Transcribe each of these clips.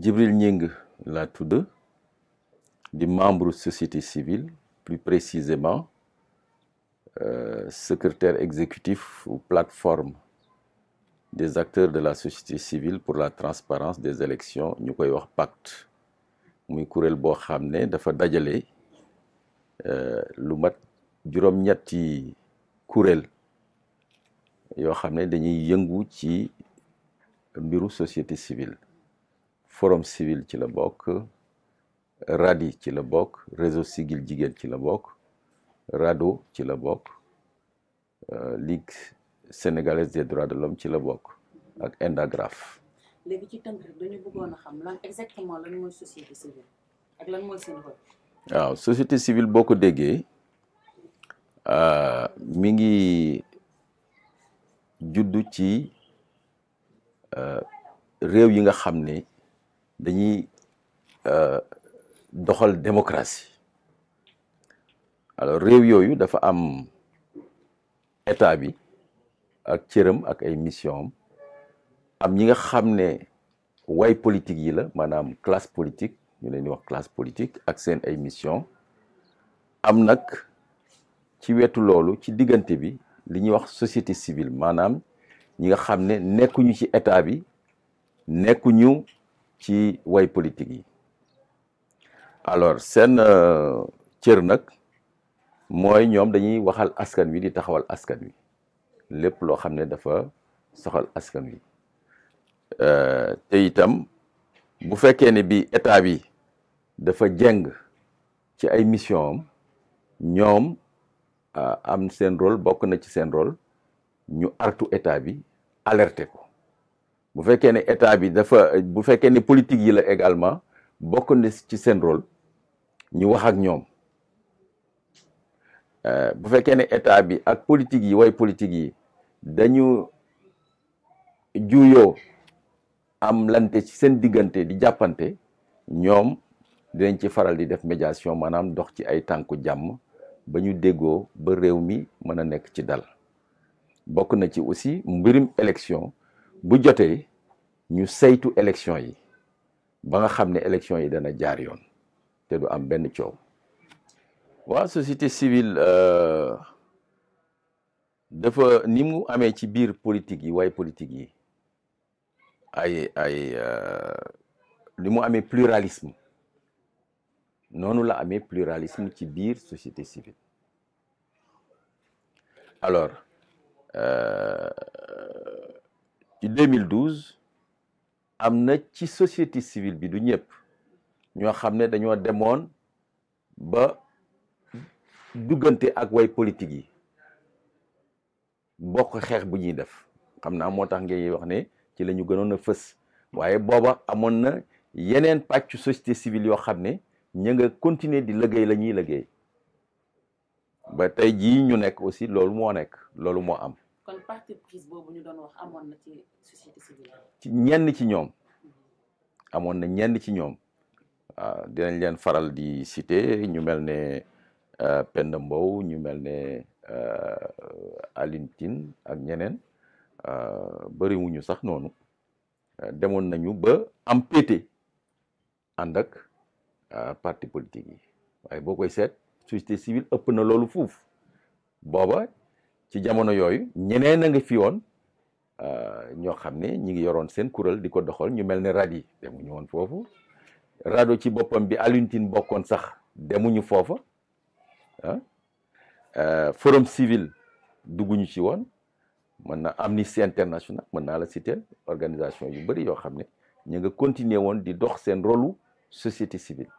Djibril Nying laa membre de la société civile plus précisément euh, secrétaire exécutif ou plateforme des acteurs de la société civile pour la transparence des élections Nous avons un pacte muy kuréel boo xam ne dafa dajale euh, lu mat juróom-ñetti courel yo xamné dañuy yëngu ci mbiru société civile forum civil ci la bokk radi ci la bokk réseau sigil jigéen ci la bokk rado ci la bokk euh, ligue sénégalaise des droits de l'homme ci la bokk ak Indagraf. léegi ci tënk rek dañu a xam lan exactement lan mooy société civile ak lan mooy seen déggee euh, mi ngi juddu ci euh, réew yi nga xam ne. dañuy euh, doxal démocratie alors réew yooyu dafa am état bi ak cëram ak ay mission am ñi nga xam way politique yi la maanaam classe politique ñu leen wax classe politique ak seen ay mission am nag ci wetu loolu ci diggante bi li ñuy wax société civile maanaam ñi nga xam ne nekkuñu ci état bi nekkuñu qui way politique yi alors seen euh, cër nag mooy ñoom dañuy waxal askan wi di taxawal askan wi lépp dafa soxal askan wi euh, te itam bu bi dafa jeng ci ay mission euh, rôle na ci rôle ñu bu fekkee ne état bi dafa bu fekkee ne politique yi la également bokk na ci seen rôle ñu wax ak ñoom euh, bu fekkee ne état bi ak politique yi way politique yi dañu juuyoo am lante ci seen diggante di jàppante ñoom dinañ ci faral di def médiation maanaam dox ci ay tànku jàmm ba ñu déggoo ba réew mi mën a nekk ci dal bokk na ci aussi mbirum élection bu jotee ñu saytu élection yi ba nga xam ne élection yi dana jaar yoon te du am benn coow waa société civile euh, dafa ni mu amee ci biir politique yi waaye politique yi ay ay li euh, mu amee pluralisme noonu la amee pluralisme ci biir société civile alors euh, ci 2012 am na ci société civile bi du ñëpp ñoo xam ne dañoo demoon ba duggante ak way politique yi bokk xeex bu ñuy def xam naa moo tax ngay wax ne ci la ñu gënoon a fës waaye booba amoon na yeneen pàccu société civile yoo xam ne continuer di liggéey la ñuy liggéey ba tey jii ñu nekk aussi loolu moo nekk loolu moo am kon parti boobu ñu doon wax amoon na ci ci ñenn ci ñoom amoon na ñenn ci ñoom waaw dinañ leen faral di citer ñu mel ne euh, Penda Mbow ñu mel ne euh, Aline ak ñeneen euh, bëri sax noonu demoon nañu ba am pété ànd ak parti politique yi waaye boo koy seet société civile ëpp na loolu fuuf booba ci jamono yooyu ñeneen a nga fi woon euh, ñoo xam ne ñi ngi yoroon seen kuréel di ko doxal ñu mel ne rad yi demuñu woon foofu rado ci boppam bi Alioune bokkoon sax demuñu foofa ah euh, forum civil dugguñu ci woon mën na Amnesty International mën naa la citer organisation yu bëri yoo xam ne ñu nga continuer woon di dox seen rôlu société civile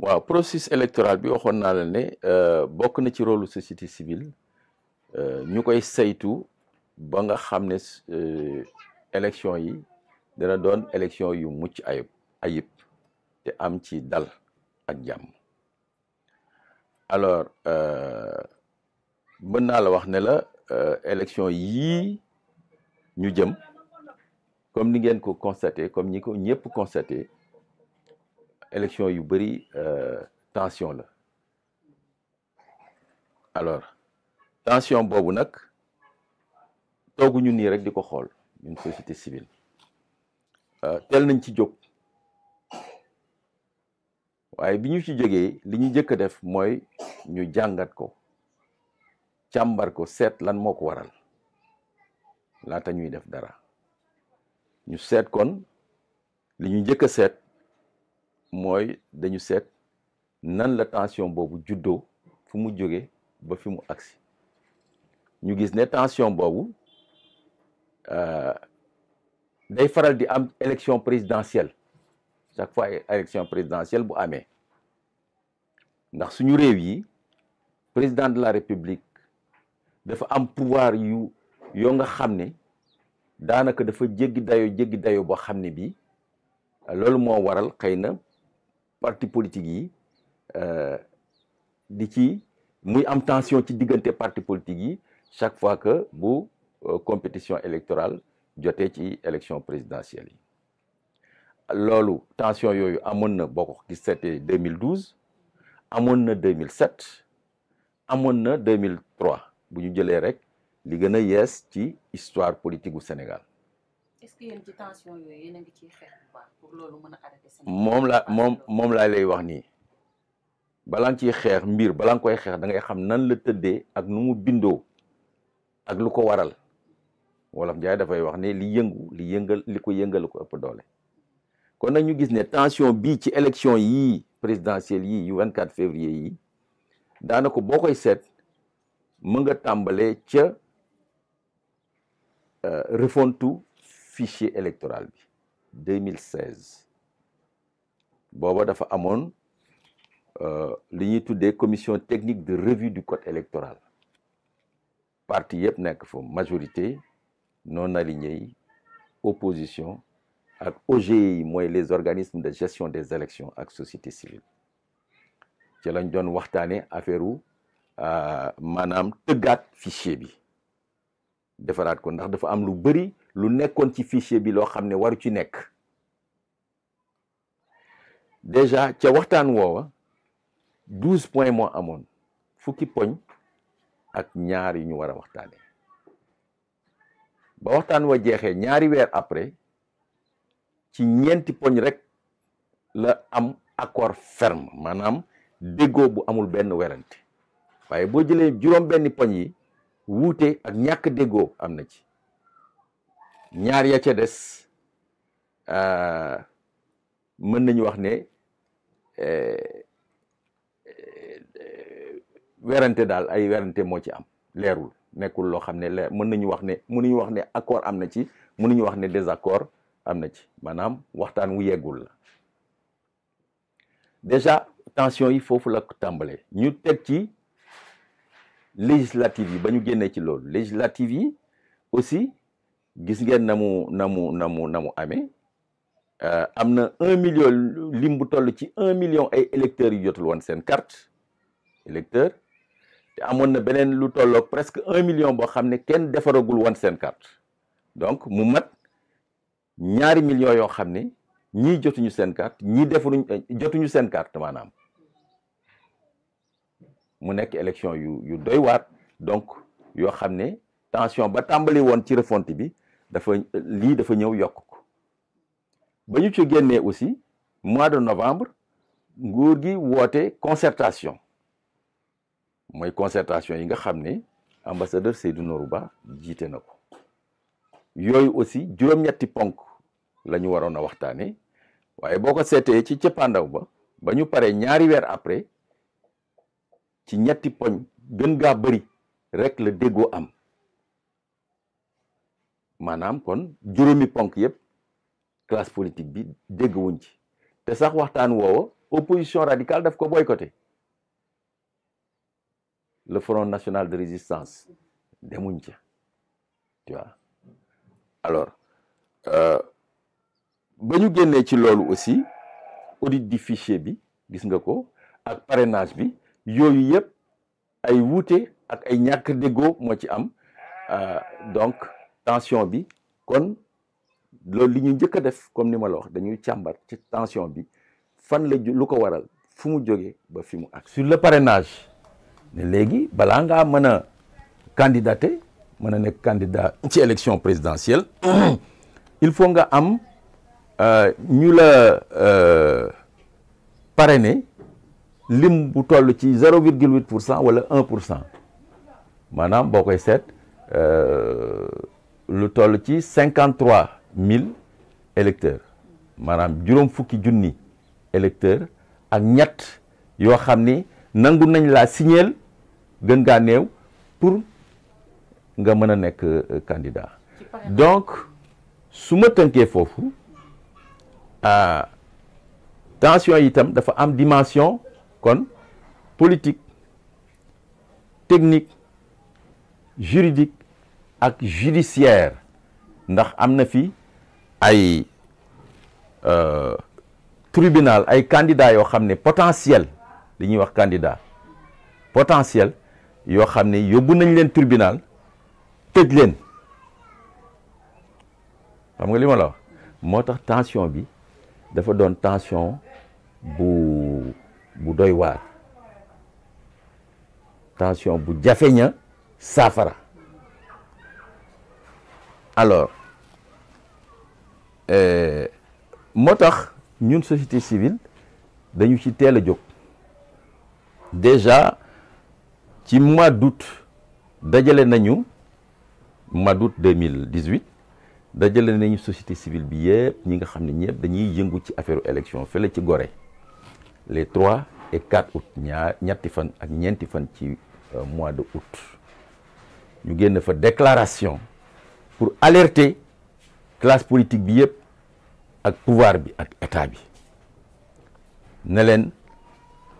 waaw processus électoral bi waxoon naa la ne euh, bokk na ci rôlu société civile Nous euh, koy saytu ba nga xam ne euh, élection yi dana doon élection yu mucc ayib ayib te am dal ak alors euh, mën naa la wax ne élection yii ñu jëm comme ni ngeen ko constater, comme ñi ko ñëpp constater, élection yu bëri tension la alors tension boobu nag tooguñu nii rek di ko xool ñun société civile euh, teel nañ ci jóg waaye bi ñu ci jógee li ñu njëkk a def mooy ñu jàngat ko càmbar ko seet lan moo ko waral laata ñuy def dara ñu seet kon li ñu njëkk a seet mooy dañu seet nan la tension boobu juddoo fu mu jóge ba fi mu agsi ñu gis ne tension boobu euh, day faral di am élection présidentielle chaque fois élection présidentielle bu amee ndax suñu réew yi président de la république dafa am pouvoir yu yoo nga xam ne daanaka dafa jéggi dayo jéggi dayo boo xam ne bi loolu moo waral xëy na parti politique yi euh, di ci muy am tension ci diggante parti politique yi chaque fois que bu euh, compétition électorale jotee ci élection présidentielle lolu tension yoyu Amone na boo gis 2012 amone 2007 amone 2003 buñu jëlé rek li gëna a ci histoire politique du Sénégal. est-ce que a ci tension yooyu yéen a une ciy xeex bu baax pour loolu mën a Sénégal. moom la moom moom laa lay wax nii balaa nga ciy xeex mbir balaa nga koy xeex da ngay xam nan la tëddee ak nu mu ak lu ko waral wolof njaay dafay wax ne li yëngu li yëngal li ko yëngal ko ëpp doole kon nag ñu gis ne tension bii ci élection yii présidentielle yii yu 24 février yi daanako boo koy seet mën nga tàmbalee ca euh, refontu fichier électoral bi 2016 booba dafa amoon euh, li ñuy tuddee commission technique de revue du code électoral parti yep nek fo majorité non aligné opposition ak OGI yi les organismes de gestion des élections ak société civile ci lañ doon waxtané affaire u euh, manam teugat fichier bi defaraat ko ndax dafa am lu bëri lu nekkoon ci fichier bi lo xamné waru ci nek déjà ci waxtaan woowa 12 points moo amone fukki pogne ak ñaar yi ñu war a waxtaane ba waxtaan wa jeexee ñaari weer après ci ñeenti poñ rek la am accord ferme maanaam déggoo bu amul benn werant waaye boo jëlee juróom benn poñ yi wuute ak ñàkk déggoo am na ci ñaar ya ca des euh, mën nañu wax ne euh, werante dal ay werante mo ci am lérul nekul lo xamné ne leer mën nañu wax né ne mënuñu wax né accord amna ci ci mënuñu wax né désaccord amna ci manam waxtaan wu yegul la déjà tension yi fofu la tambalé ñu teg ci législative yi bañu génné ci lool législative yi aussi gis ngeen na mu na mu na mu na mu amee euh, am na un million limbu bu toll ci 1 million ay électeurs yu jotul won sen carte électeur te amoon na beneen lu tolloog presque 1 million bo xam ne defaragul won sen carte donc mu mat ñaari million yo xam ñi ñii jotuñu seen carte ñi defaruñ jotuñu sen carte manam mu nek election yu yu doy waat donc yo xam tension ba tambali won ci refonte bi dafa li dafa ñew yokk ko ba ñu ci génné aussi mois de novembre nguur gi woote concertation moy concertation yi nga xamné ambassadeur Seydou Nourou jité nako yoy aussi juróom-ñetti ponk la warona waxtané waye boko sété boo ci ba ba paré ñaari weer après ci ñetti pogn gën ga bari rek le dégo am manam kon juróomi ponk yépp classe politique bi dégg wuñ ci té sax waxtaan wowo opposition radicale daf ko boycotter le Front national de résistance demuñ ca tu vois alors euh, ba ñu génnee ci loolu aussi audit di fichier bi gis nga ko ak parrainage bi yooyu yep, ay wuute ak ay ñàkk déggoo mo ci am euh, donc tension bi kon lo li ñu jëk def comme ni ma la wax dañuy ci tension bi fan la lu ko waral fu mu ba ak sur le parrainage mais légui, balanga mena candidaté, mena candidat ci élection présidentielle, il faut nga am euh ñu la euh parrainer lim bu toll ci 0,8% wala 1%. Manam bokoy set euh lu toll ci 53000 électeurs. Manam juroom fukki junni électeurs ak ñatt yo xamni nañ la gën gaa néew pour nga mën a nekk euh, candidat donc su ma tënkee foofu ah, tension itam dafa am dimension kon politique technique juridique ak judiciaire ndax am na fi ay euh, tribunal ay candidats yoo xam ne potentiel li ñuy wax candidat potentiel yoo xam ne yóbbu nañ leen tribunal tëj leen xam nga li ma la wax moo tax tension bi dafa doon tension bu bu doy waar tension bu jafeña saafara alors euh, moo tax ñun société civile dañu ci teel a jóg déjà ci mois d'août dajale nañu mois d'août 2018 dajale nañu société civile bi yépp ñi nga xam ne dañuy yëngu ci affaire élection fële ci goré les 3 et 4 août ñaar ñetti fan ak ñenti fan ci euh, mois de août ñu génn fa déclaration pour alerter classe politique bi yépp ak pouvoir bi ak état bi ne leen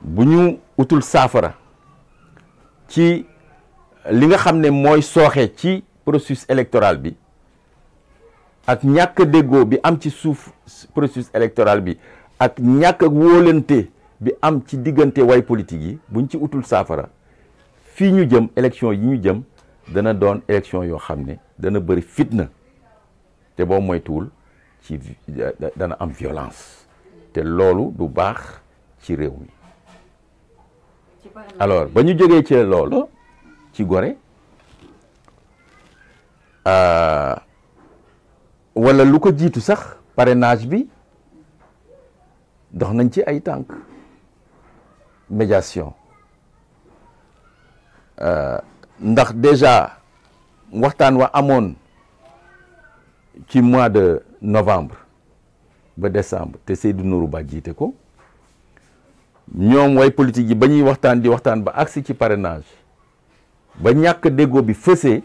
bu utul safara. ci li nga xam ne mooy sooxee ci processus électoral bi ak ñàkk déggoo bi am ci suuf processus électoral bi ak ñàkk wóolante bi am ci diggante way politique yi buñ ci utul saafara fii ñu jëm élection yi ñu jëm dana doon élection yoo xam ne dana bëri fitna te boo moytuwul ci dana am violence te loolu du baax ci réew mi alors ba ñu jógee ci loolu ci Gorée euh, wala lu ko jiitu sax parrainage bi dox nañ ci ay tànk médiation euh, ndax déjà waxtaan wa amoon ci mois de novembre ba décembre te Seydou Nourou Ba jiite ko ñom way politique yi bañuy ñuy waxtaan di waxtaan ba axe ci parrainage ba ñak dégo bi fessé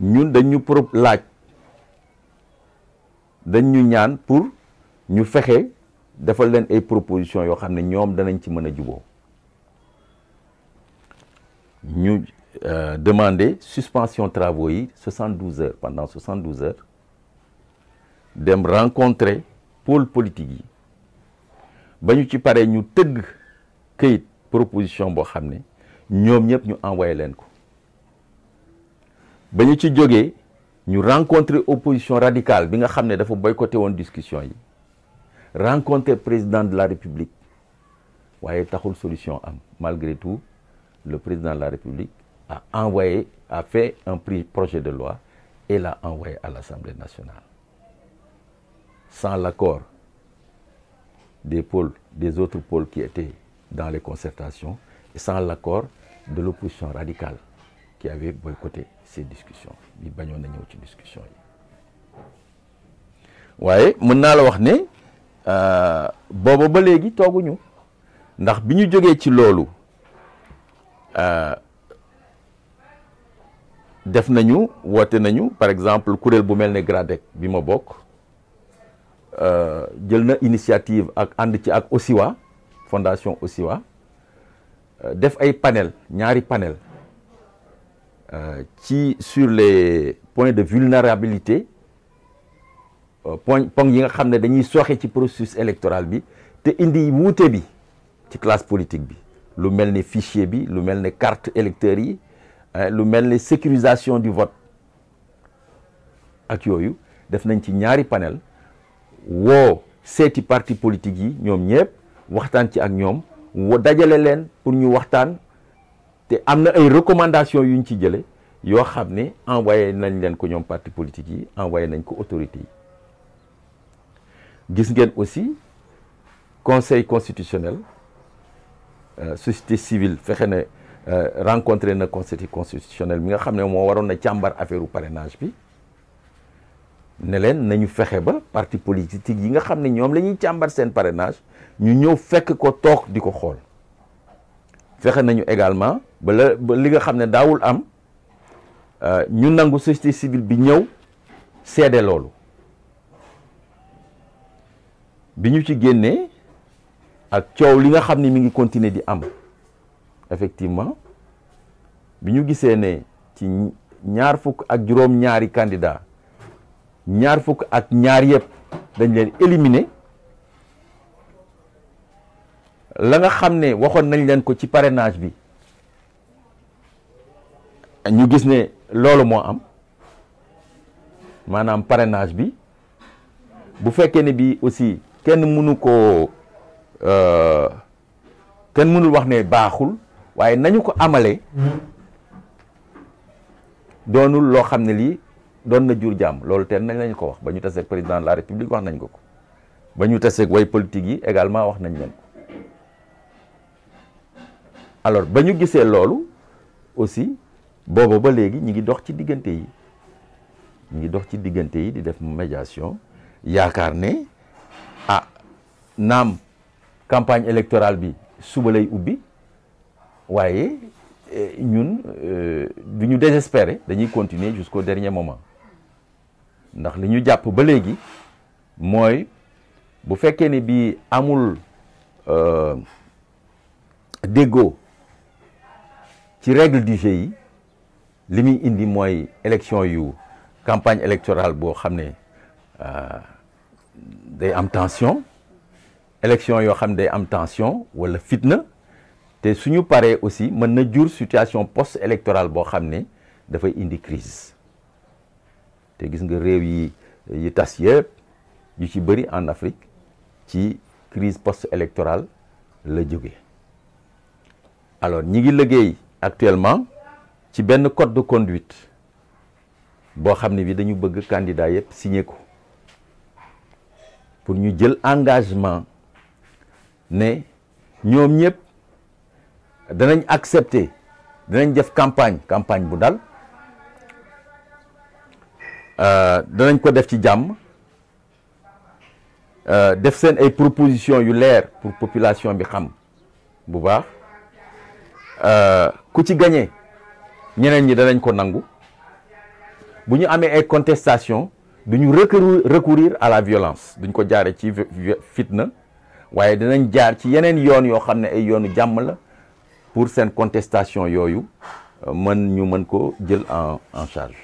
ñun dañu pro laaj dañ ñu ñaan pour ñu fexé defal leen ay proposition yo xamné ñom ñoom danañ ci mëna a ñu euh, demander suspension travaux yi 72 heures pendant 72 heures dem rencontrer pôle politique yi nous avons ci ñu une proposition pour nous ne ñoom envoyé rencontré l'opposition radicale Nous nga boycotté discussion rencontré le président de la république pas taxul solution malgré tout le président de la république a envoyé a fait un projet de loi et l'a envoyé à l'assemblée nationale sans l'accord des pôles, des autres pôles qui étaient dans les concertations, sans l'accord de l'opposition radicale qui avait boycotté ces discussions bi bañoon na ñëw ci discussion yi waaye mën naa la wax ne euh, booba ba léegi tooguñu ndax bi ñu jógee ci loolu euh, def nañu woté nañu par exemple kuréel bu mel GRADEC bi ma bokk euh, jël na initiative ak Andi, ci ak Osiwa fondation Osiwa euh, def ay panel ñaari panel euh, ci sur les points de vulnérabilité point poñ yi nga xam dañuy soxé ci processus électoral bi té indi wuute bi ci classe politique bi lu melni fichier bi lu melni carte électeur yi lu melni sécurisation du vote ak yoyu def nañ ci ñaari panel wo seti parti politique yi ñom ñëpp waxtaan ci ak ñom wo pour ñu waxtaan te amna ay recommandations yuñ ci jëlé yo xamné ne envoyé nañ len ko ñom parti politique yi envoyé nañ ko autorité gis ngeen aussi conseil constitutionnel euh, société civile fexe na euh, rencontrer na conseil constitutionnel mi nga xamné ne waron na càmbar affaire parrainage bi ne leen nañu fexe ba parti politique yi nga xam ne ñoom la ñuy càmbar seen parrainage ñu ñëw fekk ko toog di ko xool fexe nañu également ba la ba li nga xam ne daawul am euh, ñu nangu société civile bi ñëw seede loolu bi ñu ci génnee ak coow li nga xam ni mi ngi continuer di am effectivement bi ñu gisee ne ci ñaar fukk ak juróom-ñaari candidat ñaar fuk ak ñaar yépp dañ leen éliminer la nga xam ne waxoon nañ leen ko ci parrainage bi ñu gis ne loolu moo am maanaam parrainage bi bu fekkee ne bi aussi kenn mënu ko euh, kenn mënul wax ne baaxul waaye nañu ko amalee doonul loo xam ne lii doon na jur jàmm loolu teen nañ lañ ko wax ba ñu taseeg président de la république wax nañ ko ko ba ñu taseeg way politique yi également wax nañ leen alors ba ñu gisee loolu aussi booba ba léegi ñu ngi dox ci diggante yi ñi ngi dox ci diggante yi di def mu médiation yaakaar ne ah naam campagne électorale bi suba lay ubbi waaye eh, ñun euh, du ñu désespérer dañuy continuer jusqu'au dernier moment ndax li ñu jàpp ba légui moy bu fekkee ni bi amul euh, dégo ci règle du jeu yi indi moy élection yu campagne électorale bo xamné euh day am tension élection yo xam day am tension wala fitna te suñu paré aussi mën na situation post électorale bo xamné da fay indi crise te gis nga réew yi yi tas yëpp yu ci bëri en Afrique ci crise post électorale la jóge alors ñi ngi liggéey actuellement ci benn code de conduite boo xam ne bi dañu bëgg candidat yëpp signé ko pour ñu jël engagement ne ñoom ñëpp danañ accepter danañ def campagne campagne bu dal Euh, danañ ko def ci jàmm euh, def seen ay proposition yu leer pour population bi xam bu baax euh, ku ci gañee ñeneen ñi danañ ko nangu bu ñu amee ay contestation duñu recourir à la violence duñ ko jaare ci fitna waaye dinañ jaar ci yeneen yoon yoo xam ne ay yoonu jàmm la pour seen contestation yooyu mën ñu mën ko jël en en charge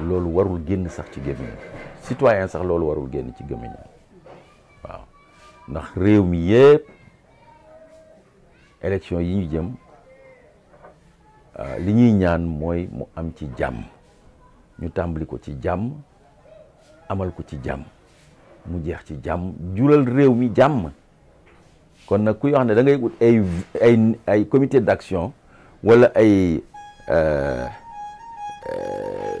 loolu warul génn sax ci gémmiñam citoyen sax loolu warul génn ci gémmiñam waaw ndax réew mi yëpp élection yi ñu jëm euh, li ñuy ñaan mooy mu am ci jàmm ñu tàmbali ko ci jàmm amal ko ci jàmm mu jeex ci jàmm jural réew mi jàmm kon nag kuy wax ne da ngay ut ay ay ay comité d'action walla ay euh, euh,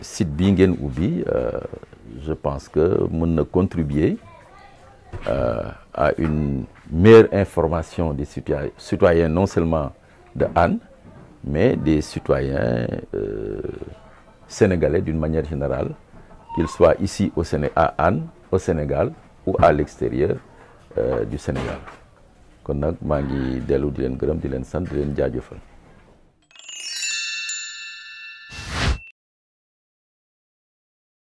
site Bingen euh, je pense que nous contribuer euh, à une meilleure information des citoyens non seulement de Anne mais des citoyens euh, sénégalais d'une manière générale qu'ils soient ici au Séné à Anne au Sénégal ou à l'extérieur du Sénégal